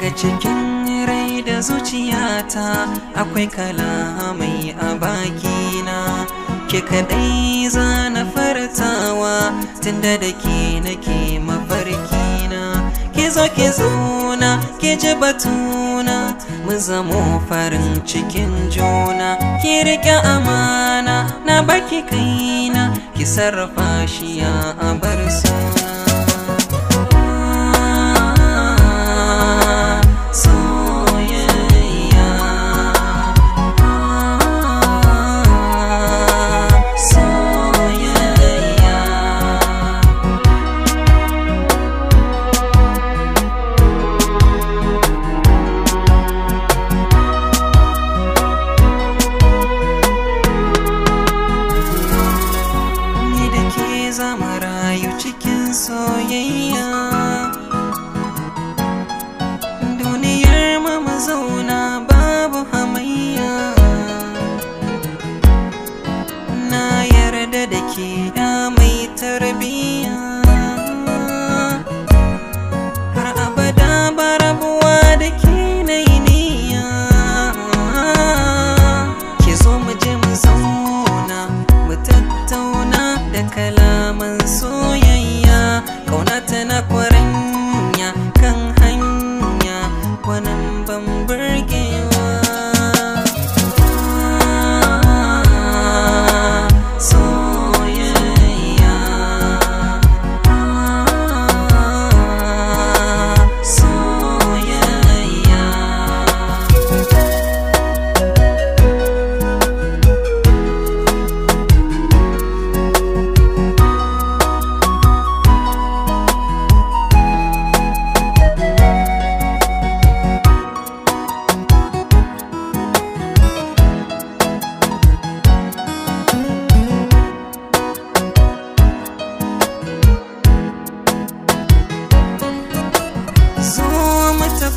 daga cikin rai da zuciyata akwai mai a bakina ke kadai na fartawa tunda da ke nake mafarkina ke zo ke zuna ke ji batuna mu zamo farin cikin juna ki rike amana na baki kaina ki sarrafa shi a abar suna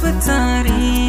with Tani.